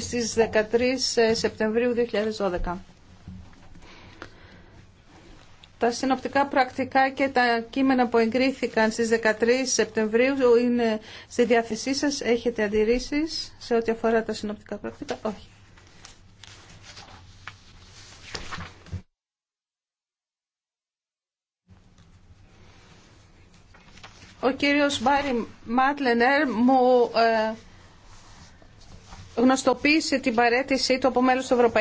στις 13 ε, Σεπτεμβρίου 2012. Τα συνοπτικά πρακτικά και τα κείμενα που εγκρίθηκαν στις 13 Σεπτεμβρίου είναι στη διάθεσή σας. Έχετε αντιρρήσεις σε ό,τι αφορά τα συνοπτικά πρακτικά. Όχι. Ο κύριος Μπάρι Μάτλενερ μου ε, γνωστοποίησε την παρέτησή του από μέλος του Ευρωπαϊκού